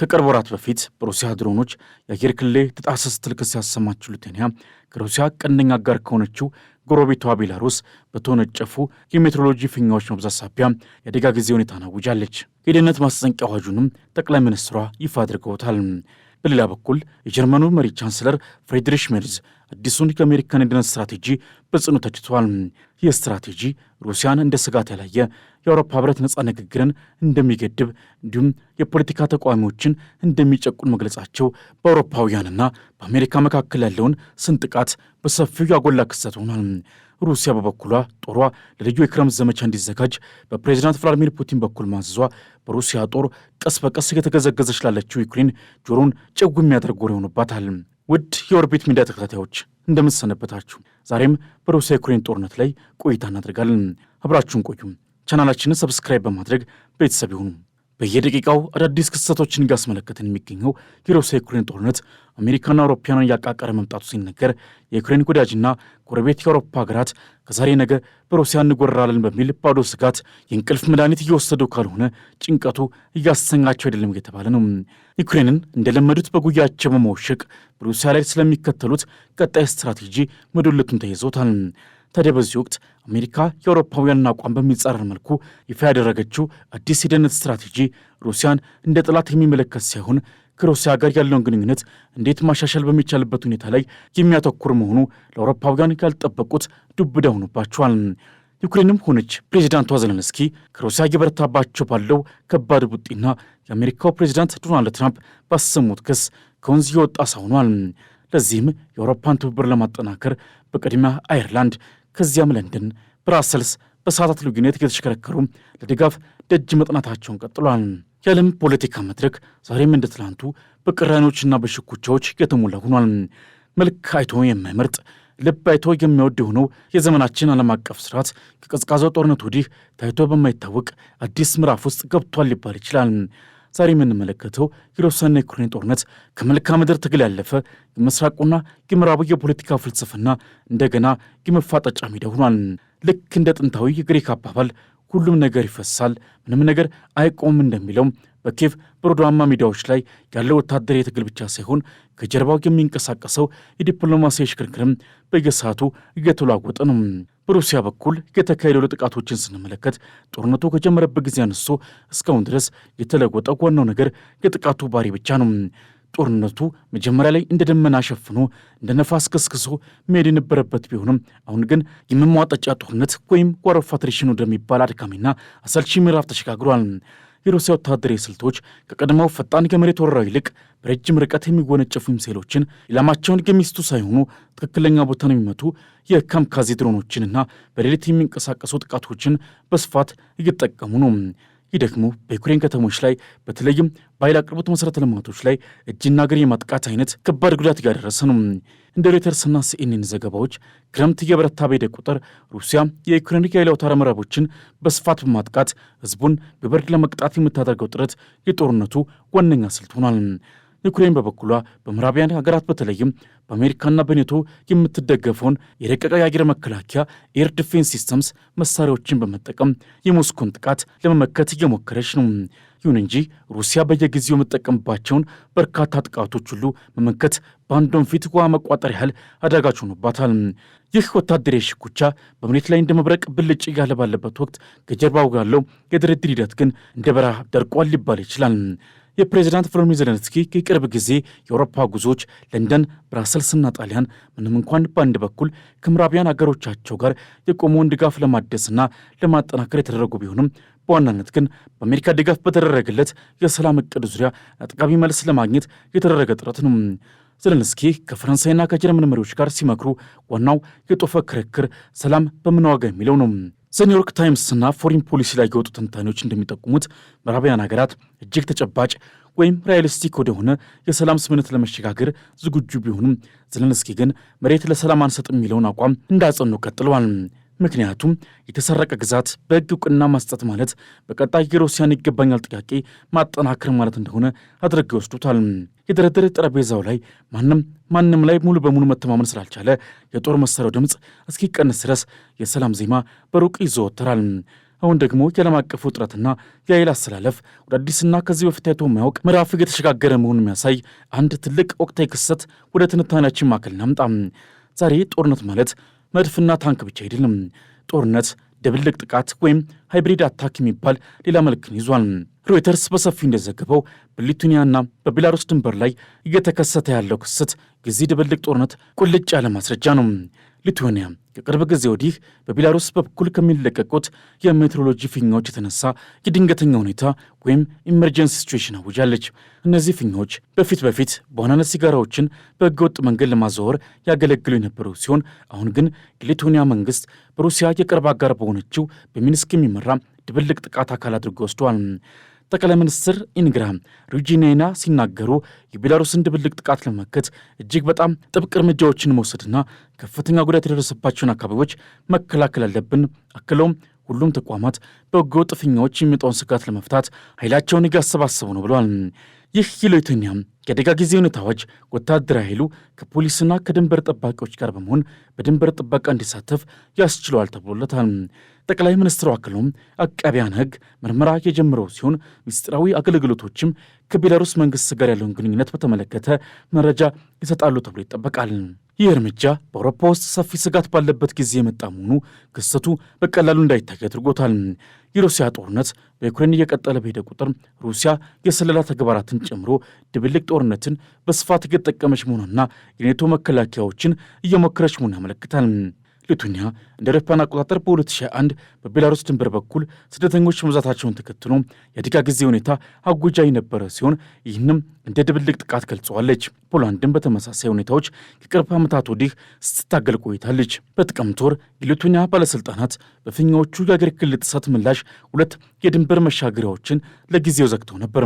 ከቅርብ ወራት በፊት በሩሲያ ድሮኖች የአየር ክልሌ ተጣሰ ስትል ክስ ያሰማችው ከሩሲያ ቀንደኛ አጋር ከሆነችው ጎረቤቷ ቤላሩስ በተወነጨፉ የሜትሮሎጂ ፊኛዎች መብዛት ሳቢያ የአደጋ ጊዜ ሁኔታ አውጃለች። የደህንነት ማስጠንቀቂያ አዋጁንም ጠቅላይ ሚኒስትሯ ይፋ አድርገውታል። በሌላ በኩል የጀርመኑ መሪ ቻንስለር ፍሬድሪሽ ሜርዝ አዲሱን የአሜሪካን የደህንነት ስትራቴጂ በጽኑ ተችቷል። ይህ ስትራቴጂ ሩሲያን እንደ ስጋት ያላየ የአውሮፓ ህብረት ነጻ ንግግርን እንደሚገድብ እንዲሁም የፖለቲካ ተቃዋሚዎችን እንደሚጨቁን መግለጻቸው በአውሮፓውያንና በአሜሪካ መካከል ያለውን ስንጥቃት በሰፊው ያጎላ ክስተት ሆኗል። ሩሲያ በበኩሏ ጦሯ ለልዩ የክረምት ዘመቻ እንዲዘጋጅ በፕሬዚዳንት ቭላዲሚር ፑቲን በኩል ማዘዟ በሩሲያ ጦር ቀስ በቀስ እየተገዘገዘች ላለችው ዩክሬን ጆሮን ጨው የሚያደርግ ወሬ ሆኖባታል። ውድ የኦርቢት ሚዲያ ተከታታዮች እንደምትሰነበታችሁ፣ ዛሬም በሩሲያ ዩክሬን ጦርነት ላይ ቆይታ እናደርጋለን። አብራችሁን ቆዩ። ቻናላችንን ሰብስክራይብ በማድረግ ቤተሰብ ይሁኑ። በየደቂቃው አዳዲስ ክስተቶችን እያስመለከተን የሚገኘው የሩሲያ ዩክሬን ጦርነት አሜሪካና አውሮፓውያንን እያቃቀረ መምጣቱ ሲነገር የዩክሬን ወዳጅና ጎረቤት የአውሮፓ ሀገራት ከዛሬ ነገ በሩሲያ እንጎራለን በሚል ባዶ ስጋት የእንቅልፍ መድኃኒት እየወሰዱ ካልሆነ ጭንቀቱ እያሰኛቸው አይደለም እየተባለ ነው። ዩክሬንን እንደለመዱት በጉያቸው በመወሸቅ በሩሲያ ላይ ስለሚከተሉት ቀጣይ ስትራቴጂ መዶለቱን ተይዘውታል። ታዲያ በዚህ ወቅት አሜሪካ የአውሮፓውያንን አቋም በሚጻረር መልኩ ይፋ ያደረገችው አዲስ የደህንነት ስትራቴጂ ሩሲያን እንደ ጠላት የሚመለከት ሳይሆን ከሩሲያ ጋር ያለውን ግንኙነት እንዴት ማሻሻል በሚቻልበት ሁኔታ ላይ የሚያተኩር መሆኑ ለአውሮፓውያን ያልጠበቁት ዱብዳ ሆኖባቸዋል። ዩክሬንም ሆነች ፕሬዚዳንቷ ዘለንስኪ ከሩሲያ እየበረታባቸው ባለው ከባድ ቡጢና የአሜሪካው ፕሬዚዳንት ዶናልድ ትራምፕ ባሰሙት ክስ ከወንዝ የወጣ ሳሆኗል። ለዚህም የአውሮፓን ትብብር ለማጠናከር በቅድሚያ አየርላንድ ከዚያም ለንደን፣ ብራሰልስ በሰዓታት ልዩነት እየተሽከረከሩ ለድጋፍ ደጅ መጥናታቸውን ቀጥሏል። የዓለም ፖለቲካ መድረክ ዛሬም እንደ ትላንቱ በቅራኔዎችና በሽኩቻዎች የተሞላ ሆኗል። መልክ አይቶ የማይመርጥ ልብ አይቶ የሚወድ የሆነው የዘመናችን ዓለም አቀፍ ስርዓት ከቀዝቃዛው ጦርነት ወዲህ ታይቶ በማይታወቅ አዲስ ምዕራፍ ውስጥ ገብቷል ሊባል ይችላል። ዛሬ የምንመለከተው የሮሳና ዩክሬን ጦርነት ከመልክዓ ምድር ትግል ያለፈ የምስራቁና የምዕራቡ የፖለቲካ ፍልስፍና እንደገና የመፋጠጫ ሜዳ ሆኗል። ልክ እንደ ጥንታዊ የግሪክ አባባል ሁሉም ነገር ይፈሳል፣ ምንም ነገር አይቆምም እንደሚለውም በኬቭ በሮዳማ ሜዳዎች ላይ ያለው ወታደር የትግል ብቻ ሳይሆን ከጀርባው የሚንቀሳቀሰው የዲፕሎማሲ ሽክርክርም በየሰዓቱ እየተለዋወጠ ነው። በሩሲያ በኩል የተካሄደው ጥቃቶችን ስንመለከት ጦርነቱ ከጀመረበት ጊዜ አንስቶ እስካሁን ድረስ የተለወጠው ዋናው ነገር የጥቃቱ ባህሪ ብቻ ነው። ጦርነቱ መጀመሪያ ላይ እንደ ደመና ሸፍኖ እንደ ነፋስ ከስክሶ መሄድ የነበረበት ቢሆንም አሁን ግን የመሟጠጫ ጦርነት ወይም ጓሮፋ ትሪሽን ወደሚባል አድካሚና አሰልቺ ምዕራፍ ተሸጋግሯል። የሩሲያ ወታደራዊ ስልቶች ከቀድሞው ፈጣን የመሬት ወረራ ይልቅ በረጅም ርቀት የሚወነጨፉ ሚሳኤሎችን ኢላማቸውን የሚስቱ ሳይሆኑ ትክክለኛ ቦታን የሚመቱ የካሚካዜ ድሮኖችንና በሌሊት የሚንቀሳቀሱ ጥቃቶችን በስፋት እየተጠቀሙ ነው። ይህ ደግሞ በዩክሬን ከተሞች ላይ በተለይም በኃይል አቅርቦት መሠረተ ልማቶች ላይ እጅና እግር የማጥቃት አይነት ከባድ ጉዳት እያደረሰ ነው። እንደ ሮይተርስና ሲኤንኤን ዘገባዎች ክረምት እየበረታ በሄደ ቁጥር ሩሲያ የዩክሬን የኃይል አውታረ መረቦችን በስፋት በማጥቃት ህዝቡን በበርድ ለመቅጣት የምታደርገው ጥረት የጦርነቱ ዋነኛ ስልት ሆኗል። ዩክሬን በበኩሏ በምዕራቢያን ሀገራት በተለይም በአሜሪካና በኔቶ የምትደገፈውን የረቀቀ የአየር መከላከያ ኤር ዲፌንስ ሲስተምስ መሳሪያዎችን በመጠቀም የሞስኮን ጥቃት ለመመከት እየሞከረች ነው። ይሁን እንጂ ሩሲያ በየጊዜው የምጠቀምባቸውን በርካታ ጥቃቶች ሁሉ መመከት በአንዷን ፊት ውሃ መቋጠር ያህል አዳጋች ሆኖባታል። ይህ ወታደራዊ ሽኩቻ በመሬት ላይ እንደ መብረቅ ብልጭ እያለ ባለበት ወቅት ከጀርባው ያለው የድርድር ሂደት ግን እንደ በረሃ ደርቋል ሊባል ይችላል። የፕሬዚዳንት ቮሎዲሚር ዘለንስኪ የቅርብ ጊዜ የአውሮፓ ጉዞዎች ለንደን፣ ብራሰልስና ጣሊያን ምንም እንኳን በአንድ በኩል ከምዕራባውያን አገሮቻቸው ጋር የቆመውን ድጋፍ ለማደስና ለማጠናከር የተደረጉ ቢሆንም በዋናነት ግን በአሜሪካ ድጋፍ በተደረገለት የሰላም እቅድ ዙሪያ አጥጋቢ መልስ ለማግኘት የተደረገ ጥረት ነው። ዘለንስኪ ከፈረንሳይና ከጀርመን መሪዎች ጋር ሲመክሩ ዋናው የጦፈ ክርክር ሰላም በምን ዋጋ የሚለው ነው። ዘኒውዮርክ እና ፎሪን ፖሊሲ ላይ የወጡ ትንታኔዎች እንደሚጠቁሙት ምዕራባውያን ሀገራት እጅግ ተጨባጭ ወይም ሪያሊስቲክ ወደሆነ የሰላም ስምምነት ለመሸጋገር ዝግጁ ቢሆንም ዘለንስኪ ግን መሬት ለሰላም አንሰጥ የሚለውን አቋም እንዳጸኑ ቀጥለዋል። ምክንያቱም የተሰረቀ ግዛት በሕግ እውቅና መስጠት ማለት በቀጣይ የሩሲያን ይገባኛል ጥያቄ ማጠናከር ማለት እንደሆነ አድርገው ይወስዱታል። የድርድር ጠረጴዛው ላይ ማንም ማንም ላይ ሙሉ በሙሉ መተማመን ስላልቻለ የጦር መሳሪያው ድምፅ እስኪቀንስ ድረስ የሰላም ዜማ በሩቅ ይዘወተራል። አሁን ደግሞ የዓለም አቀፍ ውጥረትና የኃይል አሰላለፍ ወደ አዲስና ከዚህ በፊት አይቶ የማያውቅ ምዕራፍ እየተሸጋገረ መሆኑን የሚያሳይ አንድ ትልቅ ወቅታዊ ክስተት ወደ ትንታኔያችን ማዕከል እናምጣ። ዛሬ ጦርነት ማለት መድፍና ታንክ ብቻ አይደለም። ጦርነት ድብልቅ ጥቃት ወይም ሃይብሪድ አታክ የሚባል ሌላ መልክን ይዟል። ሮይተርስ በሰፊው እንደዘገበው በሊቱኒያና በቤላሩስ ድንበር ላይ እየተከሰተ ያለው ክስተት ጊዜ ድብልቅ ጦርነት ቁልጭ ያለ ማስረጃ ነው። ሊትዌኒያ ከቅርብ ጊዜ ወዲህ በቤላሩስ በኩል ከሚለቀቁት የሜትሮሎጂ ፊኛዎች የተነሳ የድንገተኛ ሁኔታ ወይም ኢመርጀንሲ ሲትዌሽን አውጃለች። እነዚህ ፊኛዎች በፊት በፊት በዋናነት ሲጋራዎችን በህገወጥ መንገድ ለማዘወር ያገለግሉ የነበሩ ሲሆን አሁን ግን የሊትዌኒያ መንግስት በሩሲያ የቅርብ አጋር በሆነችው በሚንስክ የሚመራ ድብልቅ ጥቃት አካል አድርጎ ወስዷል። ጠቅላይ ሚኒስትር ኢንግራም ሩጂኔና ሲናገሩ የቤላሩስን ድብልቅ ጥቃት ለመመከት እጅግ በጣም ጥብቅ እርምጃዎችን መውሰድና ከፍተኛ ጉዳት የደረሰባቸውን አካባቢዎች መከላከል አለብን። አክለውም ሁሉም ተቋማት በህገወጥ ጥፍኛዎች የሚመጣውን ስጋት ለመፍታት ኃይላቸውን እያሰባሰቡ ነው ብለዋል። ይህ ይሎይተኛም የአደጋ ጊዜ ሁኔታዎች ወታደራዊ ኃይሉ ከፖሊስና ከድንበር ጠባቂዎች ጋር በመሆን በድንበር ጥበቃ እንዲሳተፍ ያስችለዋል ተብሎለታል። ጠቅላይ ሚኒስትሩ አክሎም አቃቢያን ሕግ ምርመራ የጀመረው ሲሆን ምስጢራዊ አገልግሎቶችም ከቤላሩስ መንግስት ጋር ያለውን ግንኙነት በተመለከተ መረጃ ይሰጣሉ ተብሎ ይጠበቃል። ይህ እርምጃ በአውሮፓ ውስጥ ሰፊ ስጋት ባለበት ጊዜ የመጣ መሆኑ ክስተቱ በቀላሉ እንዳይታይ አድርጎታል። የሩሲያ ጦርነት በዩክሬን እየቀጠለ በሄደ ቁጥር ሩሲያ የስለላ ተግባራትን ጨምሮ ድብልቅ ጦርነትን በስፋት እየተጠቀመች መሆኑና የኔቶ መከላከያዎችን እየሞከረች መሆኑ ያመለክታል። ሊቱኒያ እንደ አውሮፓውያን አቆጣጠር በ2021 በቤላሩስ ድንበር በኩል ስደተኞች መብዛታቸውን ተከትሎ የአደጋ ጊዜ ሁኔታ አጎጃ የነበረ ሲሆን ይህንም እንደ ድብልቅ ጥቃት ገልጸዋለች። ፖላንድን በተመሳሳይ ሁኔታዎች ከቅርብ ዓመታት ወዲህ ስትታገል ቆይታለች። በጥቅምት ወር የሊቱኒያ ባለሥልጣናት በፊኛዎቹ የአገር ክልል ጥሰት ምላሽ ሁለት የድንበር መሻገሪያዎችን ለጊዜው ዘግተው ነበር።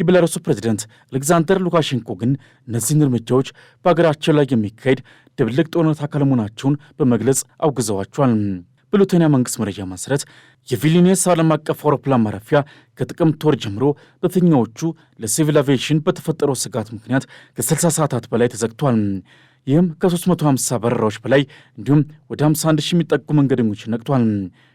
የቤላሩሱ ፕሬዚደንት አሌክዛንደር ሉካሼንኮ ግን እነዚህን እርምጃዎች በሀገራቸው ላይ የሚካሄድ ድብልቅ ጦርነት አካል መሆናቸውን በመግለጽ አውግዘዋቸዋል። በሊቱዌኒያ መንግስት መረጃ መሰረት የቪሊኒየስ ዓለም አቀፍ አውሮፕላን ማረፊያ ከጥቅምት ወር ጀምሮ በፊኛዎቹ ለሲቪል አቪዬሽን በተፈጠረው ስጋት ምክንያት ከ60 ሰዓታት በላይ ተዘግቷል። ይህም ከ350 በረራዎች በላይ እንዲሁም ወደ 51 ሺህ የሚጠጉ መንገደኞች ነቅቷል።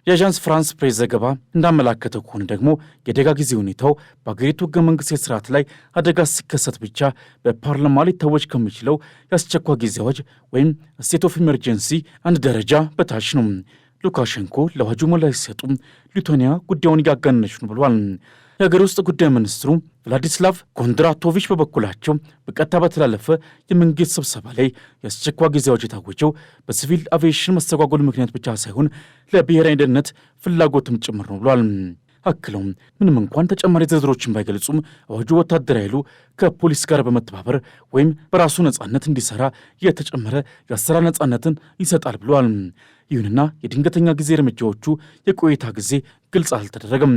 የአዣንስ ፍራንስ ፕሬስ ዘገባ እንዳመላከተው ከሆነ ደግሞ የአደጋ ጊዜ ሁኔታው በአገሪቱ ህገ መንግሥት የስርዓት ላይ አደጋ ሲከሰት ብቻ በፓርላማ ሊታወጅ ከሚችለው የአስቸኳይ ጊዜ አዋጅ ወይም ስቴት ኦፍ ኢመርጀንሲ አንድ ደረጃ በታች ነው። ሉካሸንኮ ለአዋጁ ምላሽ ሲሰጡም ሊቶኒያ ጉዳዩን እያጋነነች ነው ብሏል። የሀገር ውስጥ ጉዳይ ሚኒስትሩ ቭላዲስላቭ ኮንድራቶቪች በበኩላቸው በቀጥታ በተላለፈ የመንግስት ስብሰባ ላይ የአስቸኳይ ጊዜ አዋጅ የታወጀው በሲቪል አቪዬሽን መስተጓጎል ምክንያት ብቻ ሳይሆን ለብሔራዊ ደህንነት ፍላጎትም ጭምር ነው ብሏል። አክለውም ምንም እንኳን ተጨማሪ ዝርዝሮችን ባይገልጹም አዋጁ ወታደር ኃይሉ ከፖሊስ ጋር በመተባበር ወይም በራሱ ነጻነት እንዲሰራ የተጨመረ የአሰራር ነጻነትን ይሰጣል ብሏል። ይሁንና የድንገተኛ ጊዜ እርምጃዎቹ የቆይታ ጊዜ ግልጽ አልተደረገም።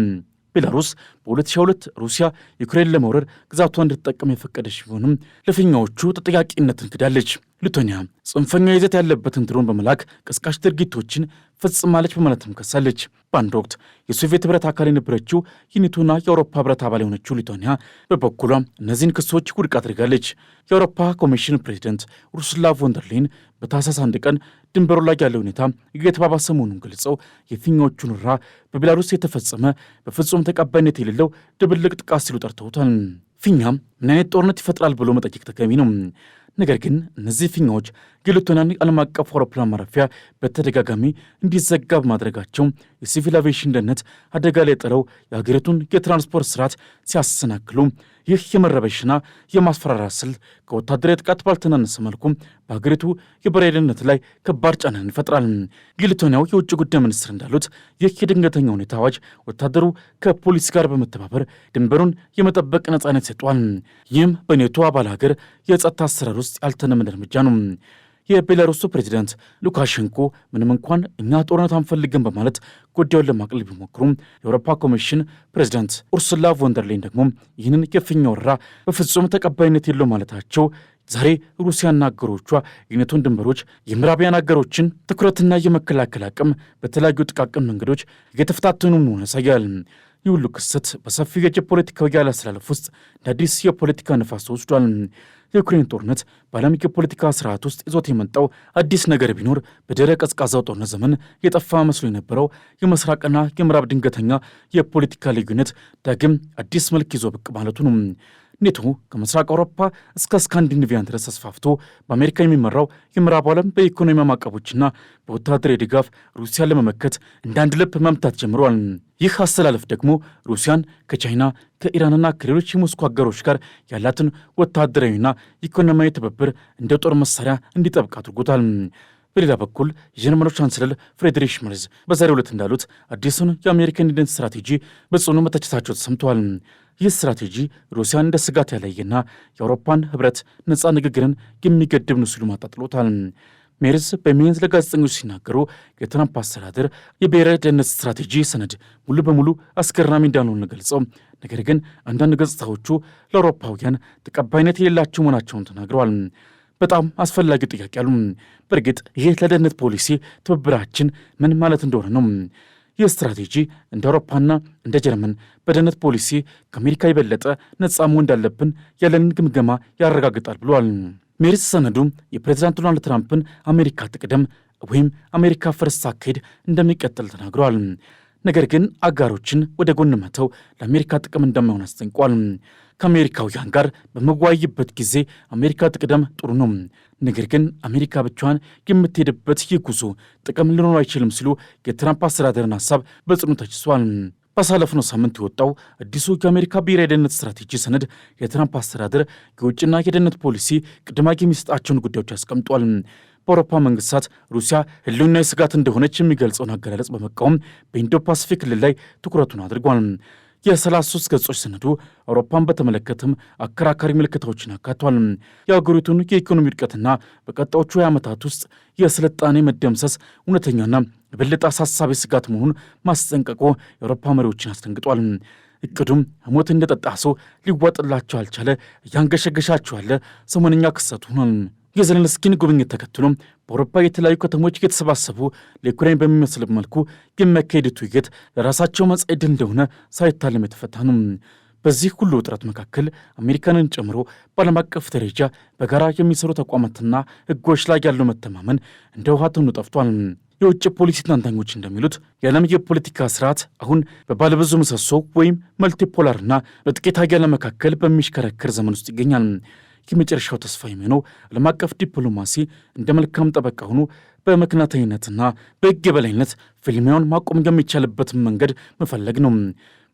ቤላሩስ በ2002 ሩሲያ ዩክሬን ለመውረር ግዛቷን እንድትጠቀም የፈቀደች ቢሆንም ለፊኛዎቹ ተጠያቂነትን ክዳለች። ሊቶኒያ ጽንፈኛ ይዘት ያለበትን ድሮን በመላክ ቀስቃሽ ድርጊቶችን ፈጽማለች በማለትም ከሳለች። በአንድ ወቅት የሶቪየት ህብረት አካል የነበረችው የኔቶና የአውሮፓ ህብረት አባል የሆነችው ሊቶኒያ በበኩሏ እነዚህን ክሶች ውድቅ አድርጋለች። የአውሮፓ ኮሚሽን ፕሬዚደንት ኡርሱላ ቮንደርሌን በታህሳስ አንድ ቀን ድንበሩ ላይ ያለው ሁኔታ እየተባባሰ መሆኑን ገልጸው የፊኛዎቹን ራ በቤላሩስ የተፈጸመ በፍጹም ተቀባይነት የሌለው ድብልቅ ጥቃት ሲሉ ጠርተውታል። ፊኛ ምን አይነት ጦርነት ይፈጥራል ብሎ መጠየቅ ተገቢ ነው። ነገር ግን እነዚህ ፊኛዎች የሉቶናን ዓለም አቀፍ አውሮፕላን ማረፊያ በተደጋጋሚ እንዲዘጋ በማድረጋቸው የሲቪል አቪዬሽን ደህንነት አደጋ ላይ ጥለው የሀገሪቱን የትራንስፖርት ስርዓት ሲያሰናክሉ ይህ የመረበሽና የማስፈራራት ስልት ከወታደራዊ ጥቃት ባልተናነሰ መልኩ በሀገሪቱ የብሔራዊ ደህንነት ላይ ከባድ ጫናን ይፈጥራል። የሊቶኒያው የውጭ ጉዳይ ሚኒስትር እንዳሉት ይህ የድንገተኛ ሁኔታ አዋጅ ወታደሩ ከፖሊስ ጋር በመተባበር ድንበሩን የመጠበቅ ነጻነት ሰጥቷል። ይህም በኔቶ አባል ሀገር የጸጥታ አሰራር ውስጥ ያልተለመደ እርምጃ ነው። የቤላሩሱ ፕሬዚደንት ሉካሸንኮ ምንም እንኳን እኛ ጦርነት አንፈልግም በማለት ጉዳዩን ለማቅለል ቢሞክሩም የአውሮፓ ኮሚሽን ፕሬዚደንት ኡርሱላ ቮንደርሌን ደግሞ ይህንን የፍኛ ወረራ በፍጹም ተቀባይነት የለው ማለታቸው ዛሬ ሩሲያና አገሮቿ የነቶን ድንበሮች የምዕራቢያን አገሮችን ትኩረትና የመከላከል አቅም በተለያዩ ጥቃቅን መንገዶች እየተፈታተኑ መሆኑን ያሳያል። ይህ ሁሉ ክስተት በሰፊው የጂኦፖለቲካዊ ያለስላለፍ ውስጥ እንደ አዲስ የፖለቲካ ነፋስ ተወስዷል። የዩክሬን ጦርነት በዓለም የፖለቲካ ስርዓት ውስጥ ይዞት የመጣው አዲስ ነገር ቢኖር በደረ ቀዝቃዛው ጦርነት ዘመን የጠፋ መስሎ የነበረው የምስራቅና የምዕራብ ድንገተኛ የፖለቲካ ልዩነት ዳግም አዲስ መልክ ይዞ ብቅ ማለቱ ነው። ኔቶ ከምስራቅ አውሮፓ እስከ ስካንዲኔቪያን ድረስ ተስፋፍቶ በአሜሪካ የሚመራው የምዕራብ ዓለም በኢኮኖሚ ማዕቀቦችና በወታደራዊ ድጋፍ ሩሲያን ለመመከት እንደ አንድ ልብ መምታት ጀምሯል። ይህ አሰላለፍ ደግሞ ሩሲያን ከቻይና ከኢራንና ከሌሎች የሞስኮ አገሮች ጋር ያላትን ወታደራዊና ኢኮኖሚያዊ ትብብር እንደ ጦር መሳሪያ እንዲጠብቅ አድርጎታል። በሌላ በኩል የጀርመኖች ቻንስለር ፍሬድሪሽ መርዝ በዛሬው ዕለት እንዳሉት አዲሱን የአሜሪካ ኢንዲደንስ ስትራቴጂ በጽኑ መተቸታቸው ተሰምተዋል። ይህ ስትራቴጂ ሩሲያን እንደ ስጋት ያለየና የአውሮፓን ህብረት ነፃ ንግግርን የሚገድብ ነው ሲሉ አጣጥሎታል። ሜርዝ በሜንዝ ለጋዜጠኞች ሲናገሩ የትራምፕ አስተዳደር የብሔራዊ ደህንነት ስትራቴጂ ሰነድ ሙሉ በሙሉ አስገራሚ እንዳልሆነ ገልጸው ነገር ግን አንዳንድ ገጽታዎቹ ለአውሮፓውያን ተቀባይነት የሌላቸው መሆናቸውን ተናግረዋል። በጣም አስፈላጊ ጥያቄ አሉ። በእርግጥ ይህ ለደህንነት ፖሊሲ ትብብራችን ምን ማለት እንደሆነ ነው። የስትራቴጂ ስትራቴጂ እንደ አውሮፓና እንደ ጀርመን በደህንነት ፖሊሲ ከአሜሪካ የበለጠ ነጻ መሆን እንዳለብን ያለንን ግምገማ ያረጋግጣል ብሏል። ሜሪስ ሰነዱ የፕሬዚዳንት ዶናልድ ትራምፕን አሜሪካ ትቅደም ወይም አሜሪካ ፈርስት አካሄድ እንደሚቀጥል ተናግረዋል። ነገር ግን አጋሮችን ወደ ጎን መተው ለአሜሪካ ጥቅም እንደማይሆን አስጠንቋል። ከአሜሪካውያን ጋር በመወያይበት ጊዜ አሜሪካ ጥቅደም ጥሩ ነው፣ ነገር ግን አሜሪካ ብቻዋን የምትሄድበት ይህ ጉዞ ጥቅም ሊኖር አይችልም ሲሉ የትራምፕ አስተዳደርን ሀሳብ በጽኑ ተችሷል። ባሳለፍነው ሳምንት የወጣው አዲሱ የአሜሪካ ብሔራዊ የደህንነት ስትራቴጂ ሰነድ የትራምፕ አስተዳደር የውጭና የደህንነት ፖሊሲ ቅድሚያ የሚሰጣቸውን ጉዳዮች አስቀምጧል። በአውሮፓ መንግስታት ሩሲያ ህልውናዊ ስጋት እንደሆነች የሚገልጸውን አገላለጽ በመቃወም በኢንዶ ፓሲፊክ ክልል ላይ ትኩረቱን አድርጓል። ሶስት ገጾች ሰነዱ አውሮፓን በተመለከተም አከራካሪ ምልክታዎችን አካቷል። የአገሪቱን የኢኮኖሚ ውድቀትና በቀጣዮቹ ዓመታት ውስጥ የስልጣኔ መደምሰስ እውነተኛና የበለጠ አሳሳቢ ስጋት መሆኑን ማስጠንቀቁ የአውሮፓ መሪዎችን አስደንግጧል። እቅዱም ሞት እንደጠጣ ሰው ሊዋጥላቸው አልቻለ እያንገሸገሻቸው ያለ ሰሞነኛ ክስተት ሆኗል። የዘለንስኪን ጉብኝት ተከትሎ በአውሮፓ የተለያዩ ከተሞች እየተሰባሰቡ ለዩክሬን በሚመስል መልኩ የሚያካሄዱት ውይይት ለራሳቸው መጻኢ ዕድል እንደሆነ ሳይታለም የተፈታ ነው። በዚህ ሁሉ ውጥረት መካከል አሜሪካንን ጨምሮ በዓለም አቀፍ ደረጃ በጋራ የሚሰሩ ተቋማትና ሕጎች ላይ ያለው መተማመን እንደ ውሃ ተኑ ጠፍቷል። የውጭ ፖሊሲ ተንታኞች እንደሚሉት የዓለም የፖለቲካ ስርዓት አሁን በባለብዙ ምሰሶ ወይም መልቲፖላርና በጥቂት ሀያላን መካከል በሚሽከረከር ዘመን ውስጥ ይገኛል። የመጨረሻው ተስፋ የሚሆነው ዓለም አቀፍ ዲፕሎማሲ እንደ መልካም ጠበቃ ሆኖ በምክንያታዊነትና በሕግ የበላይነት ፍልሚያውን ማቆም የሚቻልበትን መንገድ መፈለግ ነው።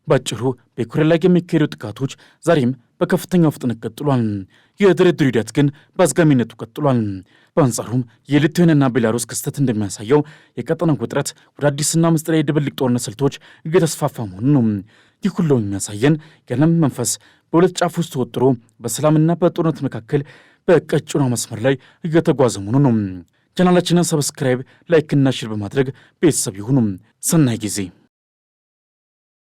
ባጭሩ በዩክሬን ላይ የሚካሄዱ ጥቃቶች ዛሬም በከፍተኛ ፍጥነት ቀጥሏል። የድርድሩ ሂደት ግን በአዝጋሚነቱ ቀጥሏል። በአንጻሩም የሊትዌንና ቤላሩስ ክስተት እንደሚያሳየው የቀጠናው ውጥረት ወደ አዲስና ምስጢራዊ የድብልቅ ጦርነት ስልቶች እየተስፋፋ መሆኑ ነው። ይህ ሁሉ የሚያሳየን የዓለም መንፈስ በሁለት ጫፍ ውስጥ ተወጥሮ በሰላምና በጦርነት መካከል በቀጭኗ መስመር ላይ እየተጓዘ መሆኑ ነው። ቻናላችንን ሰብስክራይብ፣ ላይክና ሽር በማድረግ ቤተሰብ ይሁኑ። ሰናይ ጊዜ